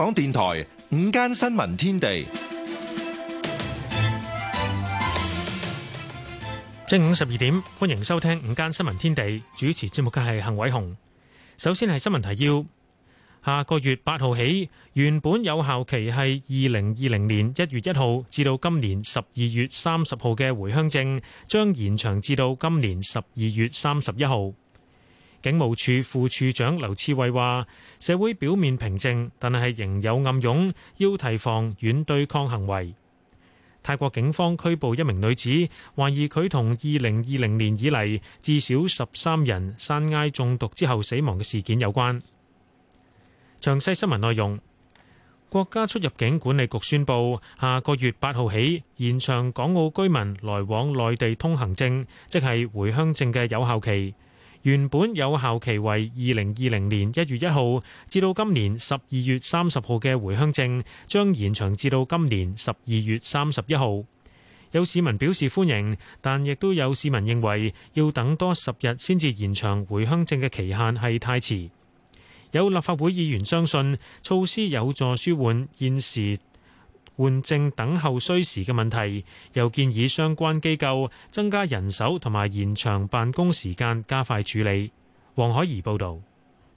香港電台午間新聞天地，正午十二點，歡迎收聽午間新聞天地。主持節目嘅係幸偉雄。首先係新聞提要：下個月八號起，原本有效期係二零二零年一月一號至到今年十二月三十號嘅回鄉證，將延長至到今年十二月三十一號。警務處副處長劉賜蕙話，社會表面平靜，但係仍有暗湧，要提防軟對抗行為。泰國警方拘捕一名女子，懷疑佢同二零二零年以嚟至少十三人山埃中毒之後死亡嘅事件有關。詳細新聞內容，國家出入境管理局宣布，下個月八號起延長港澳居民來往內地通行證，即係回鄉證嘅有效期。原本有效期為二零二零年一月一號至到今年十二月三十號嘅回鄉證，將延長至到今年十二月三十一號。有市民表示歡迎，但亦都有市民認為要等多十日先至延長回鄉證嘅期限係太遲。有立法會議員相信措施有助舒緩現時換證等候需時嘅問題，又建議相關機構增加人手同埋延長辦公時間，加快處理。黃海怡報道：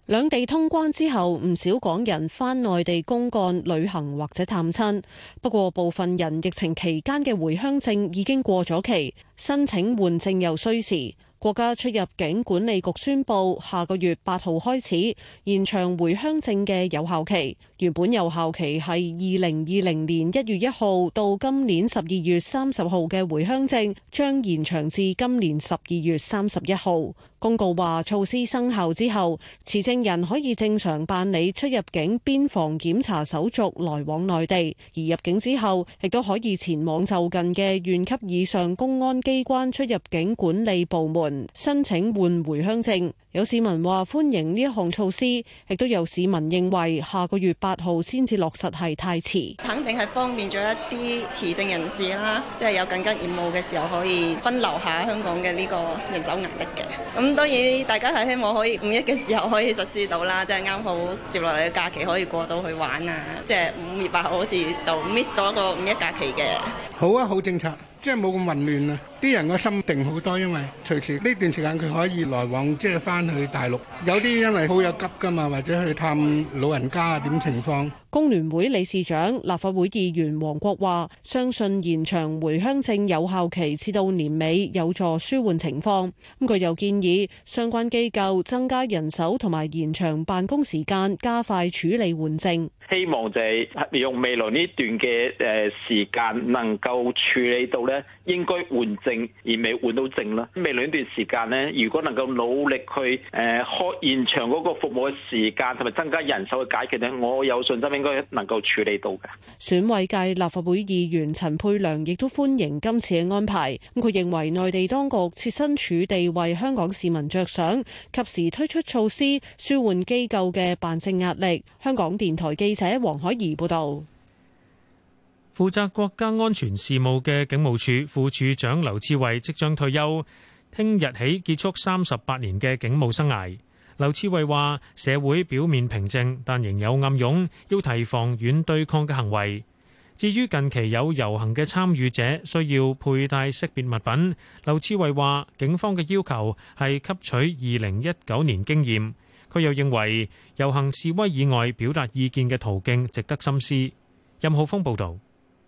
兩地通關之後，唔少港人返內地公幹、旅行或者探親。不過，部分人疫情期間嘅回鄉證已經過咗期，申請換證又需時。國家出入境管理局宣布，下個月八號開始延長回鄉證嘅有效期。原本有效期係二零二零年一月一號到今年十二月三十號嘅回鄉證，將延長至今年十二月三十一號。公告話措施生效之後，持證人可以正常辦理出入境邊防檢查手續來往內地，而入境之後亦都可以前往就近嘅縣級以上公安機關出入境管理部門申請換回鄉證。有市民話歡迎呢一項措施，亦都有市民認為下個月八號先至落實係太遲。肯定係方便咗一啲持證人士啦，即係有緊急業務嘅時候可以分流下香港嘅呢個人手壓力嘅。咁當然大家係希望可以五一嘅時候可以實施到啦，即係啱好接落嚟嘅假期可以過到去玩啊！即係五月八號好似就 miss 咗個五一假期嘅。好啊，好政策。即係冇咁混亂啦，啊，啲人個心定好多，因為隨時呢段時間佢可以來往，即係返去大陸。有啲因為好有急㗎嘛，或者去探老人家點情況。工聯會理事長、立法會議員黃國話，相信延長回鄉證有效期至到年尾，有助舒緩情況。咁佢又建議相關機構增加人手同埋延長辦公時間，加快處理換證。希望就係利用未來呢段嘅誒時間，能夠處理到咧應該換證而未換到證啦。未來一段時間咧，如果能夠努力去誒開延長嗰個服務嘅時間，同埋增加人手嘅解決咧，我有信心。應該能夠處理到嘅。選委界立法會議員陳佩良亦都歡迎今次嘅安排。咁佢認為內地當局設身處地為香港市民着想，及時推出措施舒緩機構嘅辦證壓力。香港電台記者黃海怡報道。負責國家安全事務嘅警務處副處長劉志偉即將退休，聽日起結束三十八年嘅警務生涯。劉賜蕙話：社會表面平靜，但仍有暗湧，要提防軟對抗嘅行為。至於近期有遊行嘅參與者需要佩戴識別物品，劉賜蕙話警方嘅要求係吸取二零一九年經驗。佢又認為遊行示威以外表達意見嘅途徑值得深思。任浩峰報道。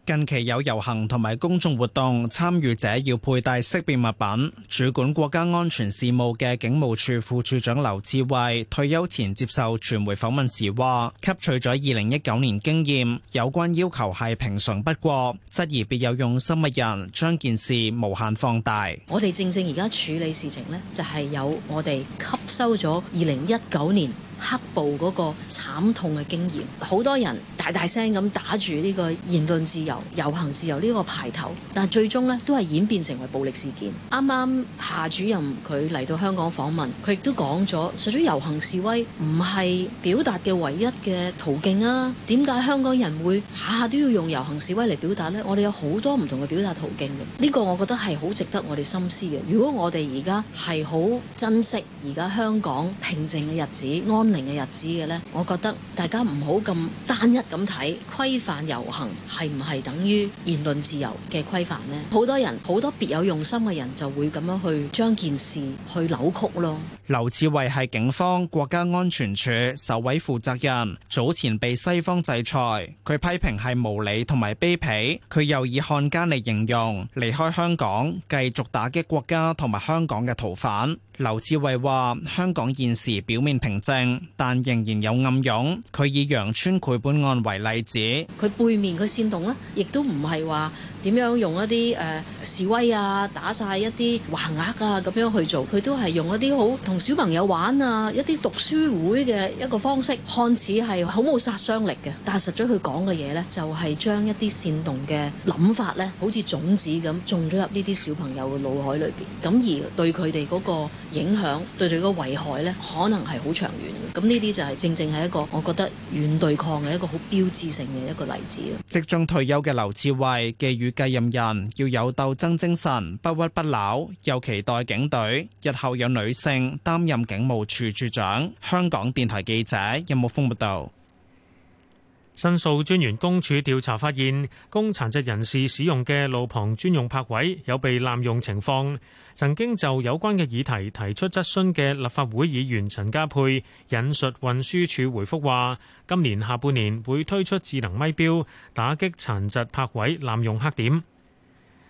近期有遊行同埋公眾活動參與者要佩戴識別物品。主管國家安全事務嘅警務處副處長劉賜蕙退休前接受傳媒訪問時話：吸取咗二零一九年經驗，有關要求係平常不過，質疑別有用心嘅人將件事無限放大。我哋正正而家處理事情呢，就係有我哋吸收咗二零一九年。黑暴嗰個慘痛嘅經驗，好多人大大聲咁打住呢個言論自由、遊行自由呢個牌頭，但最終呢都係演變成為暴力事件。啱啱夏主任佢嚟到香港訪問，佢亦都講咗，除咗遊行示威唔係表達嘅唯一嘅途徑啊！點解香港人會下下都要用遊行示威嚟表達呢？我哋有好多唔同嘅表達途徑嘅，呢、呢個我覺得係好值得我哋深思嘅。如果我哋而家係好珍惜而家香港平靜嘅日子、心靈嘅日子嘅咧，我覺得大家唔好咁單一咁睇規範遊行，係唔係等於言論自由嘅規範咧？好多人好多別有用心嘅人就會咁樣去將件事去扭曲咯。劉賜蕙係警方國家安全處首位負責人，早前被西方制裁，佢批評係無理同埋卑鄙，佢又以漢奸嚟形容離開香港繼續打擊國家同埋香港嘅逃犯。劉賜蕙話：香港現時表面平靜，但仍然有暗湧。佢以羊村繪本案為例子，佢背面嘅煽動呢，亦都唔係話點樣用一啲誒示威啊，打晒一啲橫額啊咁樣去做，佢都係用一啲好。同小朋友玩啊，一啲讀書會嘅一個方式，看似係好冇殺傷力嘅，但係實在佢講嘅嘢呢，就係將一啲煽動嘅諗法呢，好似種子咁種咗入呢啲小朋友嘅腦海裏邊，咁而對佢哋嗰個影響，對佢個危害呢，可能係好長遠嘅。咁呢啲就係正正係一個，我覺得軟對抗嘅一個好標誌性嘅一個例子啊！即將退休嘅劉志偉寄語繼任人要有鬥爭精神，不屈不撓，又期待警隊日後有女性。擔任警務處處長，香港電台記者任木峰報道。申訴專員公署調查發現，供殘疾人士使用嘅路旁專用泊位有被濫用情況。曾經就有關嘅議題提出質詢嘅立法會議員陳家佩引述運輸署回覆話，今年下半年會推出智能咪表，打擊殘疾泊位濫用黑點。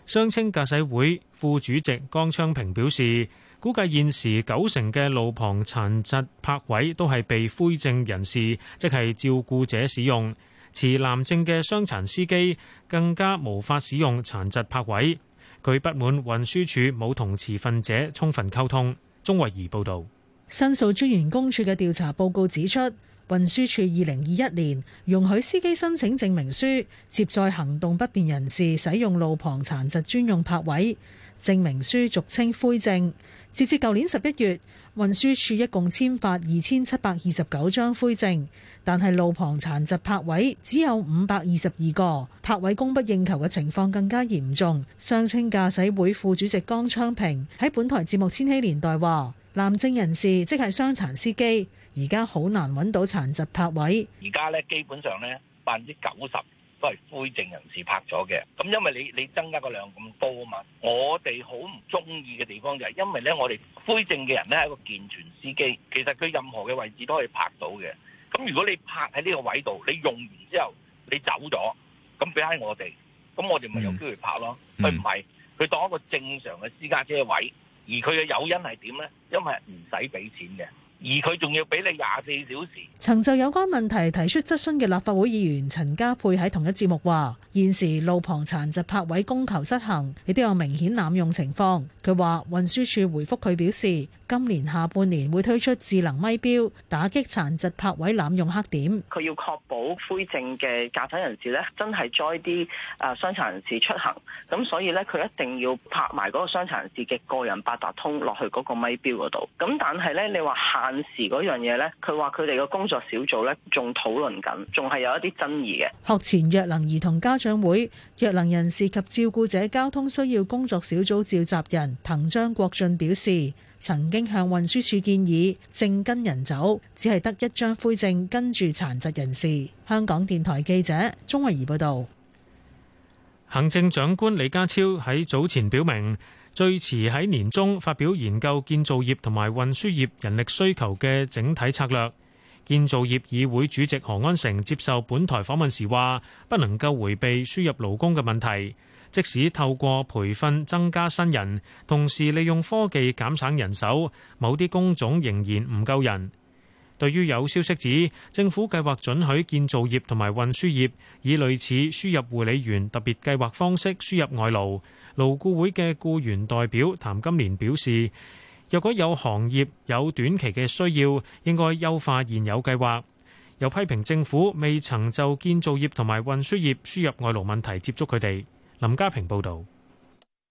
相稱駕駛會副主席江昌平表示。估計現時九成嘅路旁殘疾泊位都係被灰證人士，即係照顧者使用。持藍證嘅傷殘司機更加無法使用殘疾泊位。佢不滿運輸署冇同持份者充分溝通。鍾惠儀報導，申訴專員公署嘅調查報告指出，運輸署二零二一年容許司機申請證明書，接載行動不便人士使用路旁殘疾專用泊位。證明書俗稱灰證。截至舊年十一月，運輸署一共簽發二千七百二十九張灰證，但係路旁殘疾泊位只有五百二十二個，泊位供不應求嘅情況更加嚴重。相清駕駛會副主席江昌平喺本台節目《千禧年代》話：藍證人士即係傷殘司機，而家好難揾到殘疾泊位。而家呢，基本上呢，百分之九十。都係灰證人士拍咗嘅，咁因為你你增加個量咁多嘛，我哋好唔中意嘅地方就係，因為咧我哋灰證嘅人咧係一個健全司機，其實佢任何嘅位置都可以拍到嘅。咁如果你拍喺呢個位度，你用完之後你走咗，咁俾喺我哋，咁我哋咪有機會拍咯。佢唔係，佢當一個正常嘅私家車位，而佢嘅誘因係點咧？因為唔使俾錢嘅。而佢仲要俾你廿四小時。曾就有關問題提出質詢嘅立法會議員陳家佩喺同一節目話：現時路旁殘疾泊位供求失衡，亦都有明顯濫用情況。佢話運輸署回覆佢表示，今年下半年會推出智能咪標，打擊殘疾泊位濫用黑點，佢要確保灰症嘅駕駛人士咧，真係載啲誒傷殘人士出行。咁所以咧，佢一定要拍埋嗰個傷殘人士嘅個人八達通落去嗰個咪標嗰度。咁但係咧，你話限時嗰樣嘢咧，佢話，佢哋嘅工作小組咧仲討論緊仲係有一啲爭議嘅。學前弱能兒童家長會弱能人士及照顧者交通需要工作小組召集人。滕張國俊表示，曾經向運輸署建議，正跟人走，只係得一張灰證跟住殘疾人士。香港電台記者鍾慧儀報道。行政長官李家超喺早前表明，最遲喺年中發表研究建造業同埋運輸業人力需求嘅整體策略。建造業議會主席何安成接受本台訪問時話，不能夠回避輸入勞工嘅問題。即使透過培訓增加新人，同時利用科技減省人手，某啲工種仍然唔夠人。對於有消息指政府計劃准許建造業同埋運輸業以類似輸入護理員特別計劃方式輸入外勞，勞顧會嘅僱員代表譚金蓮表示，若果有行業有短期嘅需要，應該優化現有計劃。又批評政府未曾就建造業同埋運輸業輸入外勞問題接觸佢哋。林家平報道。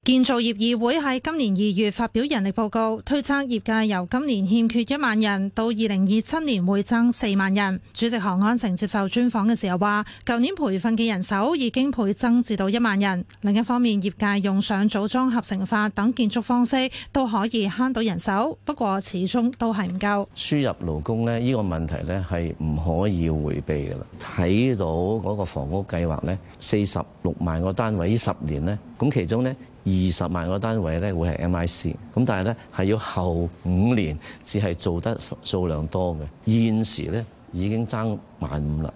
建造業議會喺今年二月發表人力報告，推測業界由今年欠缺一萬人，到二零二七年會增四萬人。主席何安成接受專訪嘅時候話，舊年培訓嘅人手已經倍增至到一萬人。另一方面，業界用上組裝合成法等建築方式，都可以慳到人手，不過始終都係唔夠。輸入勞工咧，呢、呢個問題咧係唔可以回避嘅啦。睇到嗰個房屋計劃咧，四十六萬個單位，十年咧，咁其中咧。二十萬個單位咧會係 MIC，但係咧係要後五年只係做得數量多嘅，現時咧已經爭。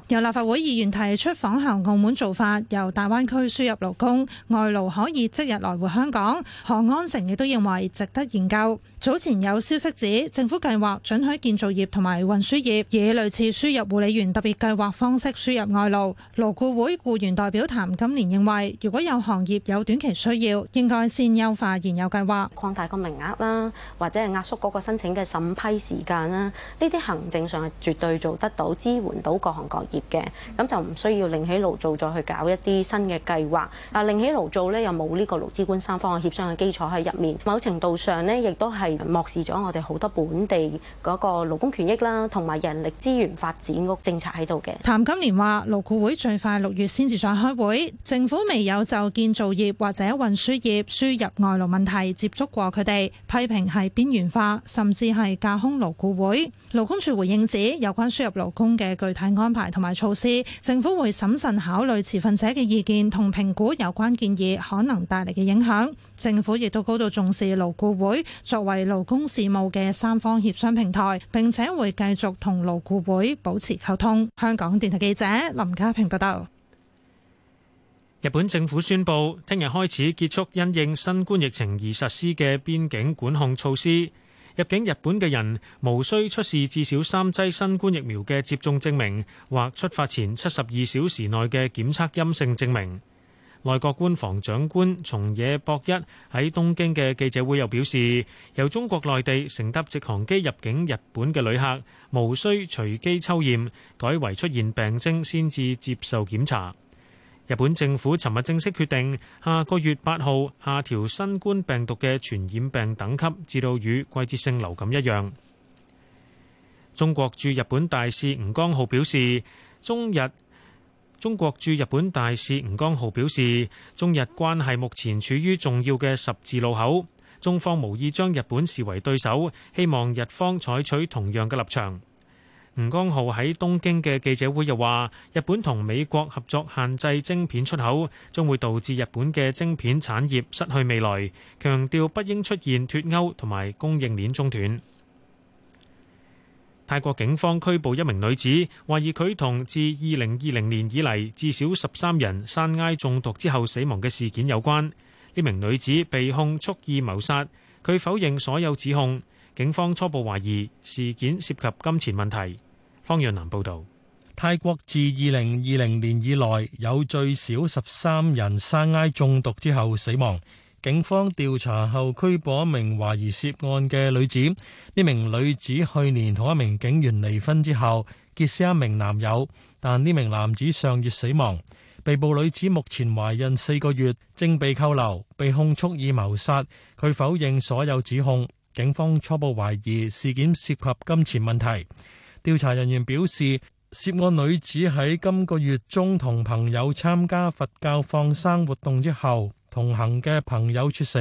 有立法會議員提出仿效澳門做法，由大灣區輸入勞工，外勞可以即日來回香港。何安成亦都認為值得研究。早前有消息指，政府計劃准許建造業同埋運輸業以類似輸入護理員特別計劃方式輸入外勞。勞顧會僱員代表譚金蓮認為，如果有行業有短期需要，應該先優化現有計劃，擴大個名額啦，或者係壓縮嗰個申請嘅審批時間啦。呢啲行政上係絕對做得到，支援到。各行各業嘅，咁就唔需要另起爐灶，再去搞一啲新嘅計劃，啊，另起爐灶咧，又冇呢個勞資官三方嘅協商嘅基礎喺入面。某程度上咧，亦都係漠視咗我哋好多本地嗰個勞工權益啦，同埋人力資源發展嗰政策喺度嘅。譚金蓮，話勞顧會最快六月先至再開會，政府未有就建造業或者運輸業輸入外勞問題接觸過佢哋，批評係邊緣化，甚至係架空勞顧會。勞工處回應指，有關輸入勞工嘅具體安排同埋措施，政府會審慎考慮持份者嘅意見，同評估有關建議可能帶嚟嘅影響。政府亦都高度重視勞僱會作為勞工事務嘅三方協商平台，並且會繼續同勞僱會保持溝通。香港電台記者林家平報道。日本政府宣布，聽日開始結束因應新冠疫情而實施嘅邊境管控措施。入境日本嘅人無需出示至少三劑新冠疫苗嘅接種證明，或出發前七十二小時內嘅檢測陰性證明。內閣官房長官松野博一喺東京嘅記者會又表示，由中國內地乘搭直航機入境日本嘅旅客，無需隨機抽驗，改為出現病徵先至接受檢查。日本政府尋日正式決定，下個月八號下調新冠病毒嘅傳染病等級，至到與季節性流感一樣。中國駐日本大使吳江浩表示，中日中國駐日本大使吳江浩表示，中日關係目前處於重要嘅十字路口，中方無意將日本視為對手，希望日方採取同樣嘅立場。吳江浩喺東京嘅記者會又話，日本同美國合作限制晶片出口，將會導致日本嘅晶片產業失去未來。強調不應出現脫鉤同埋供應鏈中斷。泰國警方拘捕一名女子，懷疑佢同自二零二零年以嚟至少十三人山埃中毒之後死亡嘅事件有關。呢名女子被控蓄意謀殺，佢否認所有指控。警方初步懷疑事件涉及金錢問題。方潤南報道，泰國自二零二零年以來有最少十三人山埃中毒之後死亡。警方調查後拘捕一名懷疑涉案嘅女子。呢名女子去年同一名警員離婚之後結識一名男友，但呢名男子上月死亡。被捕女子目前懷孕四個月，正被扣留，被控蓄意謀殺。佢否認所有指控。警方初步懷疑事件涉及金錢問題。調查人員表示，涉案女子喺今個月中同朋友參加佛教放生活動之後，同行嘅朋友猝死。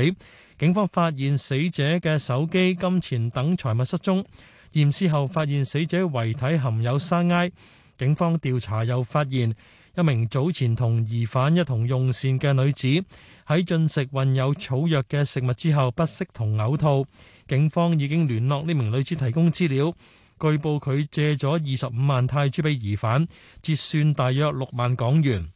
警方發現死者嘅手機、金錢等財物失蹤。驗屍後發現死者遺體含有山埃。警方調查又發現一名早前同疑犯一同用膳嘅女子，喺進食混有草藥嘅食物之後不適同嘔吐。警方已經聯絡呢名女子提供資料。據報佢借咗二十五萬泰銖俾疑犯，折算大約六萬港元。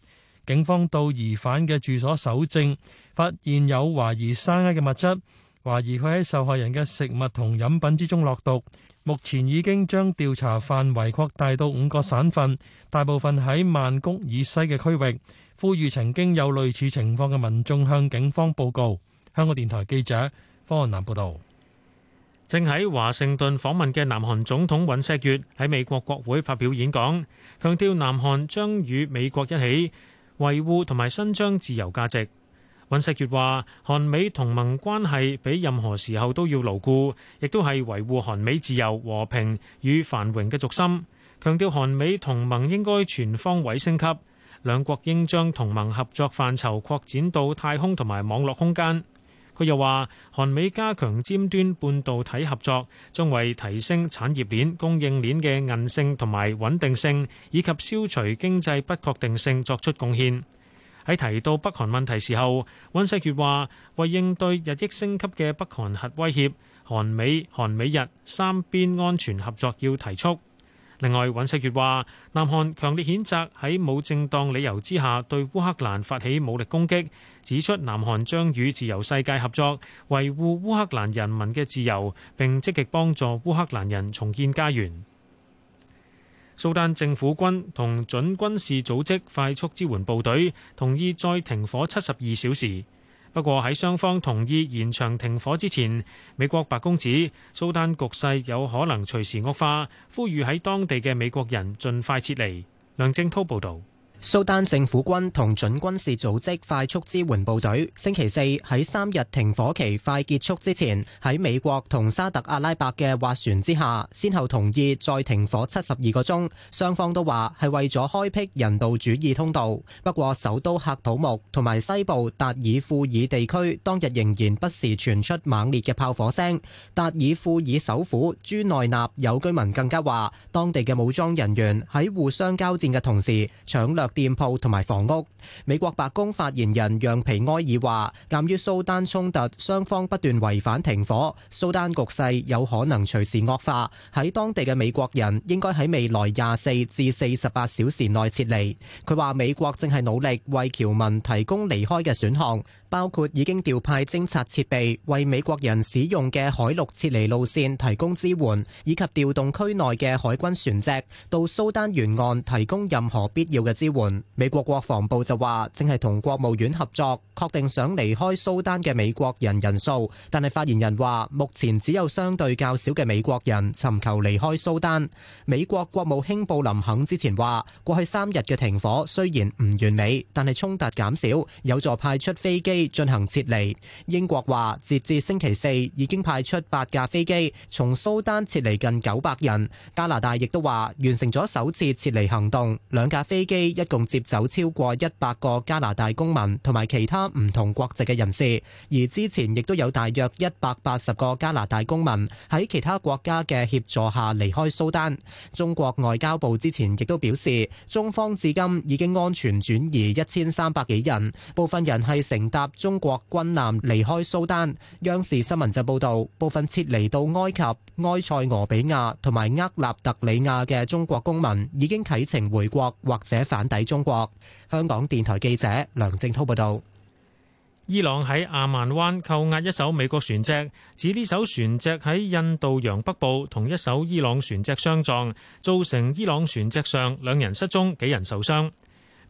警方到疑犯嘅住所搜證，發現有懷疑生嘅物質，懷疑佢喺受害人嘅食物同飲品之中落毒。目前已經將調查範圍擴大到五個省份，大部分喺曼谷以西嘅區域。呼籲曾經有類似情況嘅民眾向警方報告。香港電台記者方瀚南報導。正喺華盛頓訪問嘅南韓總統尹錫月喺美國國會發表演講，強調南韓將與美國一起維護同埋伸張自由價值。尹錫月話：韓美同盟關係比任何時候都要牢固，亦都係維護韓美自由、和平與繁榮嘅軸心。強調韓美同盟應該全方位升級，兩國應將同盟合作範疇擴展到太空同埋網絡空間。佢又話：韓美加強尖端半導體合作，將為提升產業鏈供應鏈嘅韌性同埋穩定性，以及消除經濟不確定性作出貢獻。喺提到北韓問題時候，尹錫悅話：為應對日益升級嘅北韓核威脅，韓美韓美日三邊安全合作要提速。另外，尹錫悅話：南韓強烈譴責喺冇正當理由之下對烏克蘭發起武力攻擊，指出南韓將與自由世界合作，維護烏克蘭人民嘅自由，並積極幫助烏克蘭人重建家園。蘇丹政府軍同準軍事組織快速支援部隊同意再停火七十二小時。不過喺雙方同意延長停火之前，美國白宮指蘇丹局勢有可能隨時惡化，呼籲喺當地嘅美國人盡快撤離。梁正滔報導。蘇丹政府軍同準軍事組織快速支援部隊星期四喺三日停火期快結束之前，喺美國同沙特阿拉伯嘅斡旋之下，先後同意再停火七十二個鐘。雙方都話係為咗開闢人道主義通道。不過，首都喀土木同埋西部達爾富爾地區當日仍然不時傳出猛烈嘅炮火聲。達爾富爾首府朱內納有居民更加話，當地嘅武裝人員喺互相交戰嘅同時搶掠。店鋪同埋房屋。美國白宮發言人讓皮埃爾話，鑒於蘇丹衝突雙方不斷違反停火，蘇丹局勢有可能隨時惡化，喺當地嘅美國人應該喺未來廿四至四十八小時內撤離。佢話美國正係努力為僑民提供離開嘅選項。包括已經調派偵察設備為美國人使用嘅海陸撤離路線提供支援，以及調動區內嘅海軍船隻到蘇丹沿岸提供任何必要嘅支援。美國國防部就話正係同國務院合作，確定想離開蘇丹嘅美國人人數。但係發言人話，目前只有相對較少嘅美國人尋求離開蘇丹。美國國務卿布林肯之前話，過去三日嘅停火雖然唔完美，但係衝突減少，有助派出飛機。進行撤離。英國話，截至星期四已經派出八架飛機從蘇丹撤離近九百人。加拿大亦都話完成咗首次撤離行動，兩架飛機一共接走超過一百個加拿大公民同埋其他唔同國籍嘅人士。而之前亦都有大約一百八十個加拿大公民喺其他國家嘅協助下離開蘇丹。中國外交部之前亦都表示，中方至今已經安全轉移一千三百幾人，部分人係乘搭。中國軍艦離開蘇丹，央視新聞就報道，部分撤離到埃及、埃塞俄比亞同埋厄立特里亞嘅中國公民已經啟程回國或者返抵中國。香港電台記者梁正濤報道。伊朗喺亞曼灣扣押一艘美國船隻，指呢艘船隻喺印度洋北部同一艘伊朗船隻相撞，造成伊朗船隻上兩人失蹤，幾人受傷。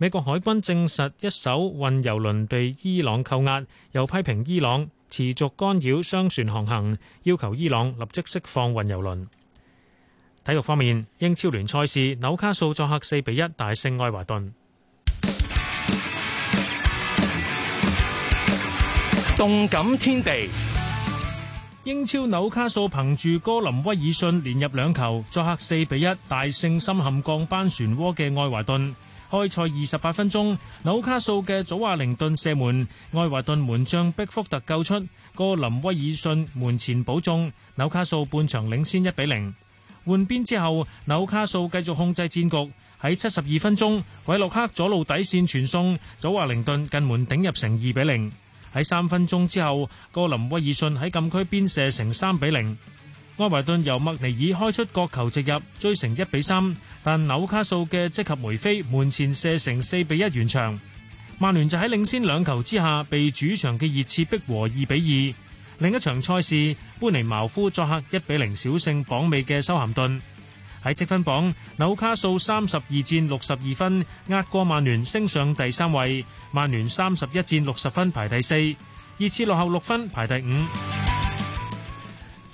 美國海軍證實一艘運油輪被伊朗扣押，又批評伊朗持續干擾商船航行，要求伊朗立即釋放運油輪。體育方面，英超聯賽事紐卡素作客四比一大勝愛華頓。動感天地，英超紐卡素憑住哥林威爾遜連入兩球，作客四比一大勝深陷降班漩渦嘅愛華頓。開賽二十八分鐘，紐卡素嘅祖華靈頓射門，愛華頓門將碧福特救出。哥林威爾遜門前保中，紐卡素半場領先一比零。換邊之後，紐卡素繼續控制戰局。喺七十二分鐘，韋洛克左路底線傳送，祖華靈頓近門頂入成二比零。喺三分鐘之後，哥林威爾遜喺禁區邊射成三比零。愛華頓由麥尼爾開出角球直入，追成一比三，但紐卡素嘅積及梅菲門前射成四比一完場。曼聯就喺領先兩球之下，被主場嘅熱刺逼和二比二。另一場賽事，般尼茅夫作客一比零小勝榜尾嘅修咸頓。喺積分榜，紐卡素三十二戰六十二分，壓過曼聯升上第三位。曼聯三十一戰六十分排第四，熱刺落後六分排第五。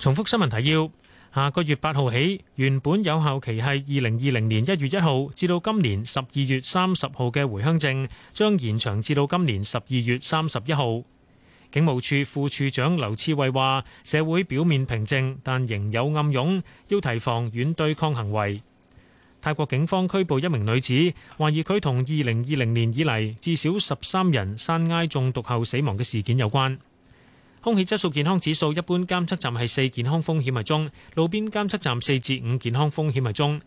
重複新聞提要：下個月八號起，原本有效期係二零二零年一月一號至到今年十二月三十號嘅回鄉證，將延長至到今年十二月三十一號。警務處副處長劉賜慧話：社會表面平靜，但仍有暗湧，要提防軟對抗行為。泰國警方拘捕一名女子，懷疑佢同二零二零年以嚟至少十三人山埃中毒後死亡嘅事件有關。空氣質素健康指數一般監測站係四，健康風險為中；路邊監測站四至五，健康風險為中。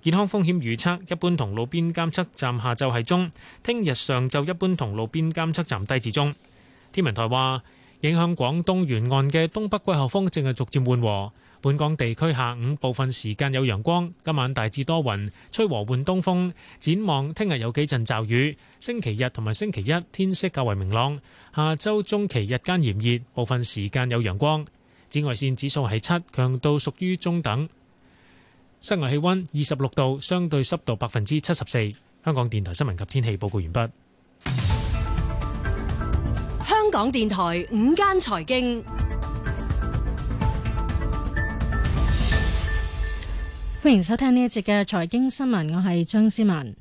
健康風險預測一般同路邊監測站下晝係中，聽日上晝一般同路邊監測站低至中。天文台話，影響廣東沿岸嘅東北季候風正係逐漸緩和。本港地區下午部分時間有陽光，今晚大致多雲，吹和緩東風。展望聽日有幾陣驟雨，星期日同埋星期一天色較為明朗。下周中期日間炎熱，部分時間有陽光，紫外線指數係七，強度屬於中等。室外氣溫二十六度，相對濕度百分之七十四。香港電台新聞及天氣報告完畢。香港電台午間財經。歡迎收聽呢一節嘅財經新聞，我係張思文。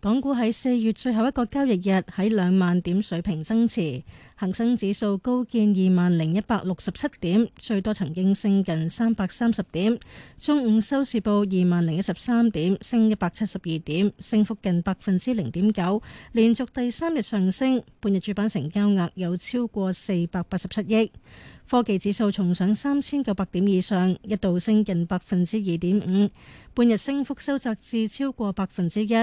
港股喺四月最後一個交易日喺兩萬點水平增持，恒生指數高見二萬零一百六十七點，最多曾經升近三百三十點。中午收市報二萬零一十三點，升一百七十二點，升幅近百分之零點九，連續第三日上升。半日主板成交額有超過四百八十七億。科技指數重上三千九百點以上，一度升近百分之二點五，半日升幅收窄至超過百分之一。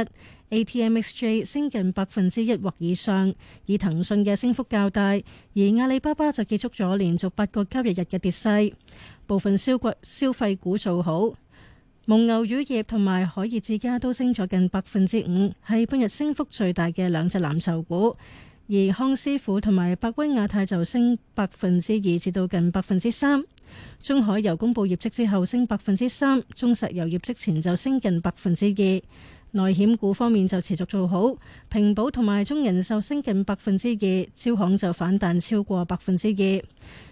ATMXG 升近百分之一或以上，以騰訊嘅升幅較大，而阿里巴巴就結束咗連續八個交易日嘅跌勢。部分消消費股做好，蒙牛乳業同埋海爾之家都升咗近百分之五，係半日升幅最大嘅兩隻藍籌股。而康師傅同埋百威亞太就升百分之二，至到近百分之三。中海油公布業績之後，升百分之三。中石油業績前就升近百分之二。內險股方面就持續做好，平保同埋中人壽升近百分之二，招行就反彈超過百分之二，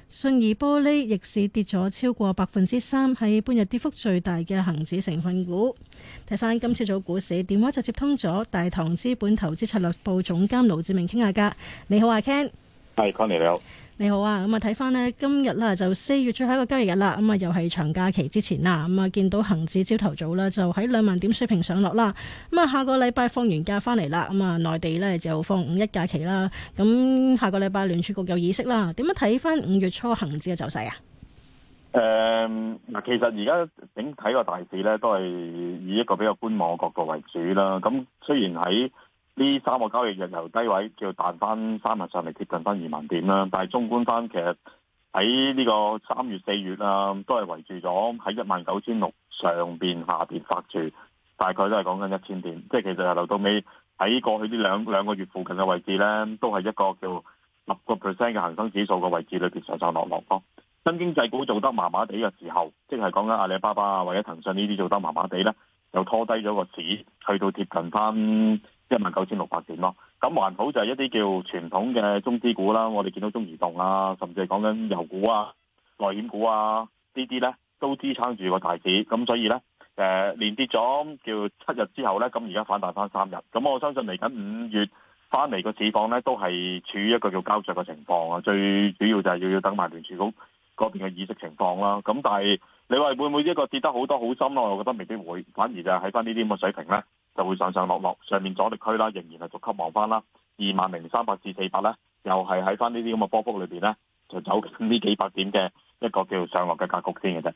信義玻璃逆市跌咗超過百分之三，係半日跌幅最大嘅恒指成分股。睇翻今朝早股市，電話就接通咗大唐資本投資策略部總監盧志明傾下偈。你好阿 Ken。係，Conny 你好。你好啊，咁啊睇翻呢今日啦就四月最後一個交易日啦，咁啊又係長假期之前啦，咁啊見到恒指朝頭早咧就喺兩萬點水平上落啦，咁啊下個禮拜放完假翻嚟，啦，咁啊內地咧就放五一假期啦，咁下個禮拜聯儲局又議息啦，點樣睇翻五月初恒指嘅走勢啊？誒，嗱，其實而家整體個大市咧都係以一個比較觀望嘅角度為主啦，咁雖然喺，呢三個交易日由低位叫彈翻三萬上嚟貼近翻二萬點啦，但係中觀翻其實喺呢個三月四月啊，都係圍住咗喺一萬九千六上邊下邊發住，大概都係講緊一千點，即係其實係留到尾喺過去呢兩兩個月附近嘅位置咧，都係一個叫六個 percent 嘅恒生指數嘅位置裏邊上上落落咯、啊。新經濟股做得麻麻地嘅時候，即係講緊阿里巴巴啊或者騰訊呢啲做得麻麻地咧。又拖低咗個市，去到接近翻一萬九千六百點咯。咁還好就係一啲叫傳統嘅中資股啦，我哋見到中移動啦、啊，甚至係講緊油股啊、內險股啊呢啲咧，都支撐住個大市。咁所以咧，誒、呃、連跌咗叫七日之後咧，咁而家反彈翻三日。咁我相信嚟緊五月翻嚟個市況咧，都係處於一個叫膠着嘅情況啊。最主要就係要要等埋聯儲局。嗰邊嘅議息情況啦，咁但係你話會唔會呢個跌得好多好深咯？我覺得未必會，反而就喺翻呢啲咁嘅水平咧，就會上上落落，上面阻力區啦，仍然係逐級望翻啦。二萬零三百至四百咧，又係喺翻呢啲咁嘅波幅裏邊咧，就走呢幾百點嘅一個叫上落嘅格局先嘅啫。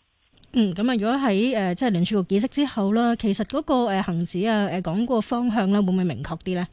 嗯，咁啊，如果喺誒即係聯儲局議息之後啦，其實嗰個誒恆指啊誒講個方向啦，會唔會明確啲咧？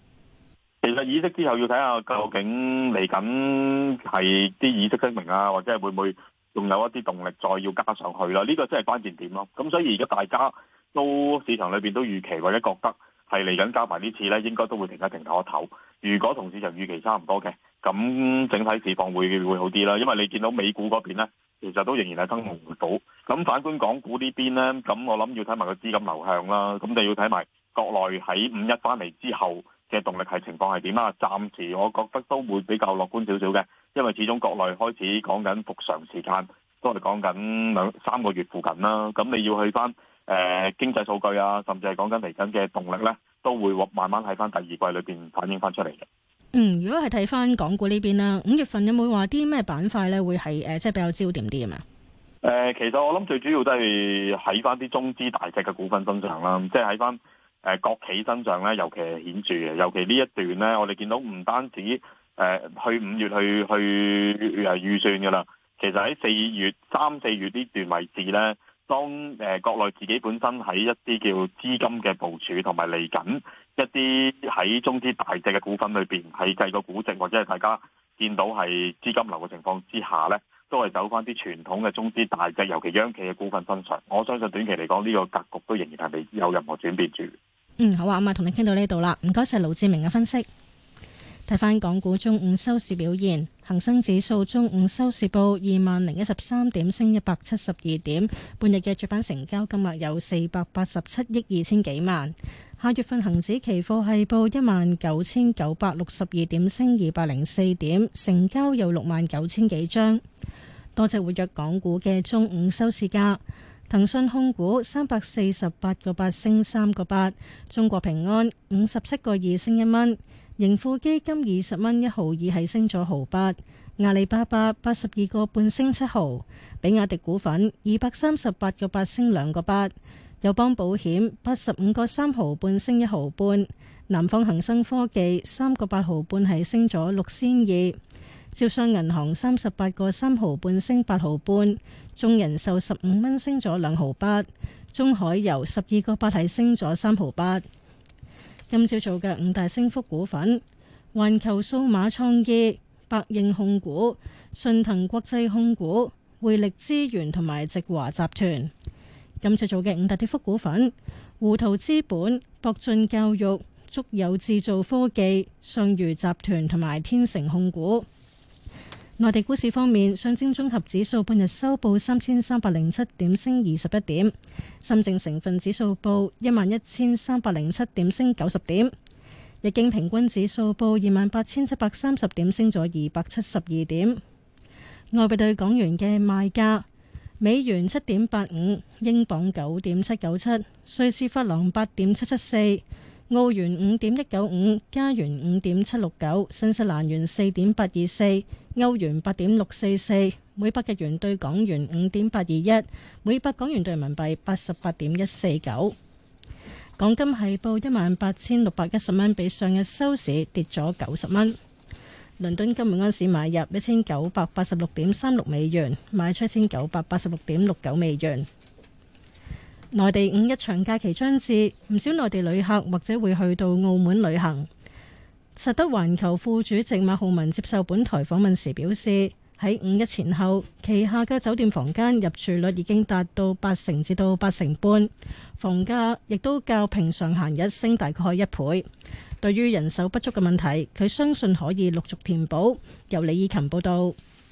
其實議息之後要睇下究竟嚟緊係啲議息聲明啊，或者係會唔會？仲有一啲動力，再要加上去啦，呢個真係關鍵點咯。咁所以而家大家都市場裏邊都預期或者覺得係嚟緊加埋呢次呢應該都會停一停唞一唞。如果同市場預期差唔多嘅，咁整體市況會會好啲啦。因為你見到美股嗰邊咧，其實都仍然係升紅唔到。咁反觀港股呢邊呢，咁我諗要睇埋個資金流向啦。咁就要睇埋國內喺五一翻嚟之後嘅動力係情況係點啦。暫時我覺得都會比較樂觀少少嘅。因為始終國內開始講緊復常時間都係講緊兩三個月附近啦，咁你要去翻誒、呃、經濟數據啊，甚至係講緊嚟緊嘅動力咧，都會慢慢喺翻第二季裏邊反映翻出嚟嘅。嗯，如果係睇翻港股呢邊啦，五月份有冇話啲咩板塊咧會係誒、呃、即係比較焦點啲啊？誒、呃，其實我諗最主要都係喺翻啲中資大隻嘅股份身上啦，即係喺翻誒國企身上咧，尤其係顯著嘅，尤其呢一段咧，我哋見到唔單止。誒、呃，去五月去去誒、啊、預算噶啦。其實喺四月、三四月呢段位置咧，當誒、呃、國內自己本身喺一啲叫資金嘅部署，同埋嚟緊一啲喺中資大隻嘅股份裏邊，係計個股值，或者係大家見到係資金流嘅情況之下咧，都係走翻啲傳統嘅中資大隻，尤其央企嘅股份身上。我相信短期嚟講，呢個格局都仍然係未有任何轉變住。嗯，好啊，咁啊，同你傾到呢度啦，唔該晒盧志明嘅分析。睇翻港股中午收市表現，恒生指數中午收市報二萬零一十三點，升一百七十二點。半日嘅主板成交金額有四百八十七億二千幾萬。下月份恒指期貨係報一萬九千九百六十二點，升二百零四點，成交有六萬九千幾張。多隻活躍港股嘅中午收市價，騰訊控股三百四十八個八升三個八，中國平安五十七個二升一蚊。盈富基金二十蚊一毫二係升咗毫八，阿里巴巴八十二個半升七毫，比亞迪股份二百三十八個八升兩個八，友邦保險八十五個三毫半升一毫半，南方恒生科技三個八毫半係升咗六仙二，招商銀行三十八個三毫半升八毫半，中人壽十五蚊升咗兩毫八，中海油十二個八係升咗三毫八。今朝做嘅五大升幅股份：環球數碼創意、百應控股、信騰國際控股、匯力資源同埋直華集團。今朝做嘅五大跌幅股份：胡桃資本、博進教育、足有製造科技、信譽集團同埋天成控股。內地股市方面，上證綜合指數半日收報三千三百零七點，升二十一點；深證成分指數報一萬一千三百零七點，升九十點；日經平均指數報二萬八千七百三十點，升咗二百七十二點。外幣對港元嘅賣價：美元七點八五，英鎊九點七九七，瑞士法郎八點七七四。澳元五點一九五，加元五點七六九，新西蘭元四點八二四，歐元八點六四四，每百日元兌港元五點八二一，每百港元兌人民幣八十八點一四九。港金係報一萬八千六百一十蚊，比上日收市跌咗九十蚊。倫敦金每盎司買入一千九百八十六點三六美元，賣出一千九百八十六點六九美元。內地五一長假期將至，唔少內地旅客或者會去到澳門旅行。實德環球副主席馬浩文接受本台訪問時表示，喺五一前後，旗下嘅酒店房間入住率已經達到八成至到八成半，房價亦都較平常閒日升大概一倍。對於人手不足嘅問題，佢相信可以陸續填補。由李以琴報道。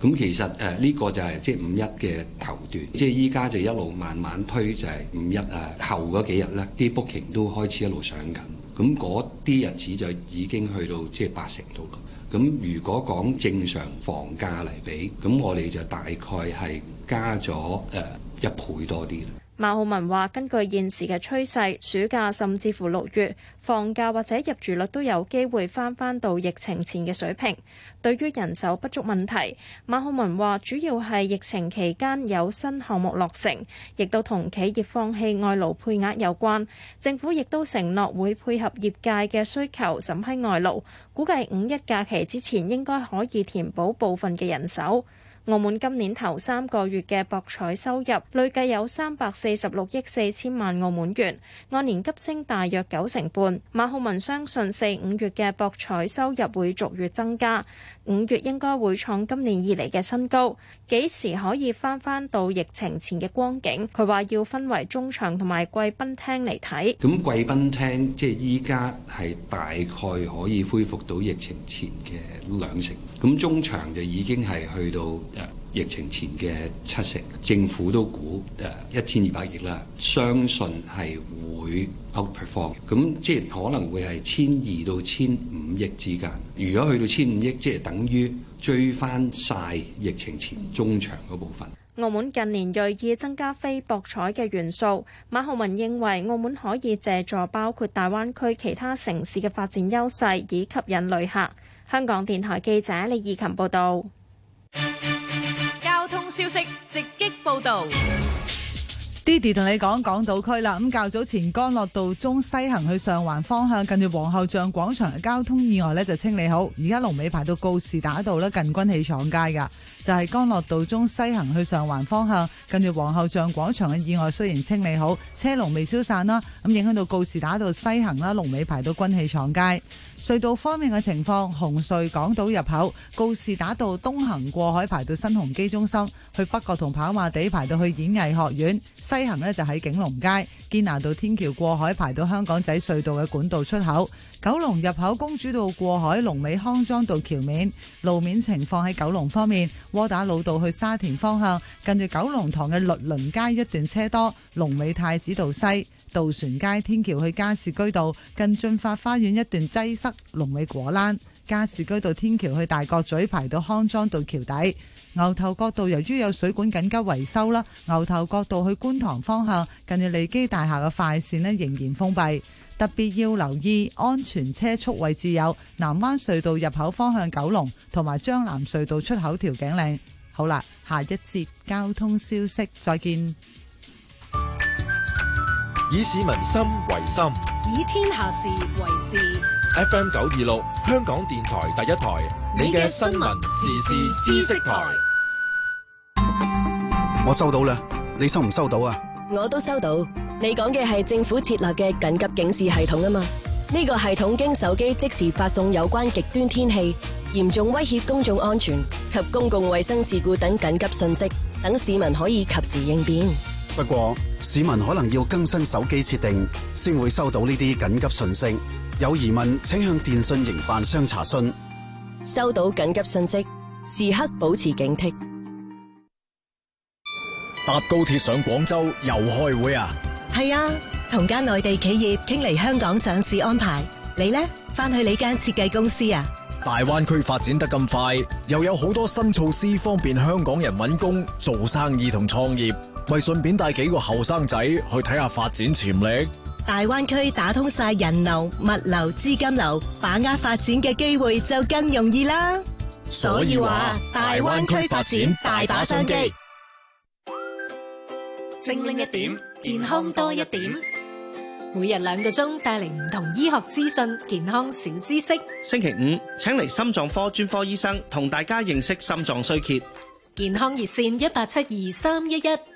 咁其實誒呢個就係即係五一嘅頭段，即係依家就一路慢慢推就係、是、五一啊後嗰幾日咧，啲 booking 都開始一路上緊，咁嗰啲日子就已經去到即係八成度啦。咁如果講正常房價嚟比，咁我哋就大概係加咗誒一倍多啲啦。馬浩文話：根據現時嘅趨勢，暑假甚至乎六月放假，或者入住率都有機會翻返到疫情前嘅水平。對於人手不足問題，馬浩文話主要係疫情期間有新項目落成，亦都同企業放棄外勞配額有關。政府亦都承諾會配合業界嘅需求審批外勞，估計五一假期之前應該可以填補部分嘅人手。澳門今年頭三個月嘅博彩收入累計有三百四十六億四千萬澳門元，按年急升大約九成半。馬浩文相信四五月嘅博彩收入會逐月增加，五月應該會創今年以嚟嘅新高。幾時可以返返到疫情前嘅光景？佢話要分為中場同埋貴賓廳嚟睇。咁貴賓廳即係依家係大概可以恢復到疫情前嘅兩成。咁中場就已經係去到誒疫情前嘅七成，政府都估誒一千二百億啦，相信係會 outperform。咁即係可能會係千二到千五億之間。如果去到千五億，即係等於追翻晒疫情前中場嗰部分。澳門近年銳意增加非博彩嘅元素，馬浩文認為澳門可以借助包括大灣區其他城市嘅發展優勢，以吸引旅客。香港電台記者李義琴報道。交通消息直擊報道。Diddy 同你講港島區啦，咁較早前干諾道中西行去上環方向，近住皇后像廣場嘅交通意外呢就清理好，而家龍尾排到告士打道咧近軍器廠街噶，就係干諾道中西行去上環方向，近住皇后像廣場嘅意外雖然清理好，車龍未消散啦，咁影響到告士打道西行啦，龍尾排到軍器廠街。隧道方面嘅情況，紅隧港島入口告士打道東行過海排到新鴻基中心，去北角同跑馬地排到去演藝學院；西行呢就喺景隆街堅拿道天橋過海排到香港仔隧道嘅管道出口。九龍入口公主道過海，龍尾康莊道橋面路面情況。喺九龍方面，窩打老道去沙田方向，近住九龍塘嘅律倫街一段車多，龍尾太子道西。渡船街天橋去加士居道近駿發花園一段擠塞龍尾果欄，加士居道天橋去大角咀排到康莊道橋底。牛頭角道由於有水管緊急維修啦，牛頭角道去觀塘方向近住利基大廈嘅快線咧仍然封閉，特別要留意安全車速位置有南灣隧道入口方向九龍同埋張南隧道出口調景嶺。好啦，下一節交通消息再見。以市民心為心，以天下事為事。FM 九二六，香港電台第一台，你嘅新聞時事知識台。我收到啦，你收唔收到啊？我都收到。你講嘅係政府設立嘅緊急警示系統啊嘛？呢個系統經手機即時發送有關極端天氣、嚴重威脅公眾安全及公共衛生事故等緊急信息，等市民可以及時應變。不過市民可能要更新手機設定，先會收到呢啲緊急訊息。有疑問，請向電訊營辦商查詢。收到緊急信息，時刻保持警惕。搭高鐵上廣州又開會啊？係啊，同間內地企業傾嚟香港上市安排。你呢？翻去你間設計公司啊？大灣區發展得咁快，又有好多新措施，方便香港人揾工、做生意同創業。咪順便帶幾個後生仔去睇下發展潛力。大灣區打通晒人流、物流、資金流，把握發展嘅機會就更容易啦。所以話大灣區發展大把商機。精靈一點，健康多一點。每日兩個鐘帶嚟唔同醫學資訊、健康小知識。星期五請嚟心臟科專科醫生同大家認識心臟衰竭。健康熱線一八七二三一一。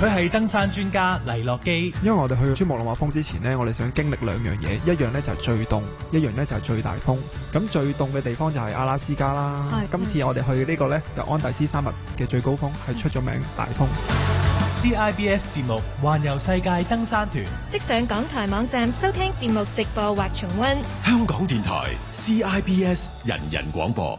佢係登山專家黎洛基。因為我哋去珠穆朗瑪峰之前呢，我哋想經歷兩樣嘢，一樣呢就係最凍，一樣呢就係最大風。咁最凍嘅地方就係阿拉斯加啦。係。今次我哋去呢個呢就安第斯山脈嘅最高峰，係出咗名大風。CIBS 節目環遊世界登山團，即上港台網站收聽節目直播或重溫。香港電台 CIBS 人人廣播。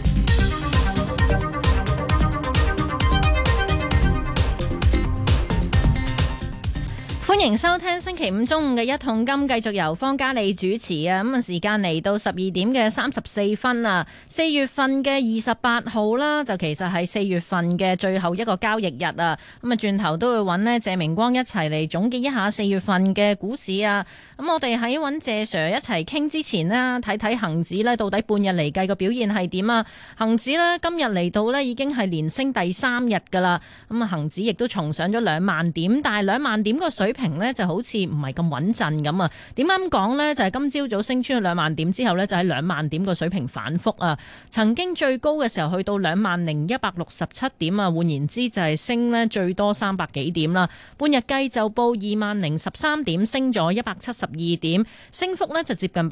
歡迎收聽星期五中午嘅一桶金，繼續由方嘉莉主持啊！咁啊，時間嚟到十二點嘅三十四分啊，四月份嘅二十八號啦，就其實係四月份嘅最後一個交易日啊！咁啊，轉頭都會搵呢謝明光一齊嚟總結一下四月份嘅股市啊！咁我哋喺搵謝 Sir 一齊傾之前呢，睇睇恒指呢，到底半日嚟計個表現係點啊？恒指呢，今日嚟到呢已經係連升第三日噶啦，咁啊恒指亦都重上咗兩萬點，但係兩萬點個水平。平呢就好似唔係咁穩陣咁啊！點啱咁講呢？就係今朝早升穿咗兩萬點之後呢，就喺兩萬點個水平反覆啊！曾經最高嘅時候去到兩萬零一百六十七點啊，換言之就係升呢最多三百幾點啦。半日計就報二萬零十三點，升咗一百七十二點，升幅呢就接近。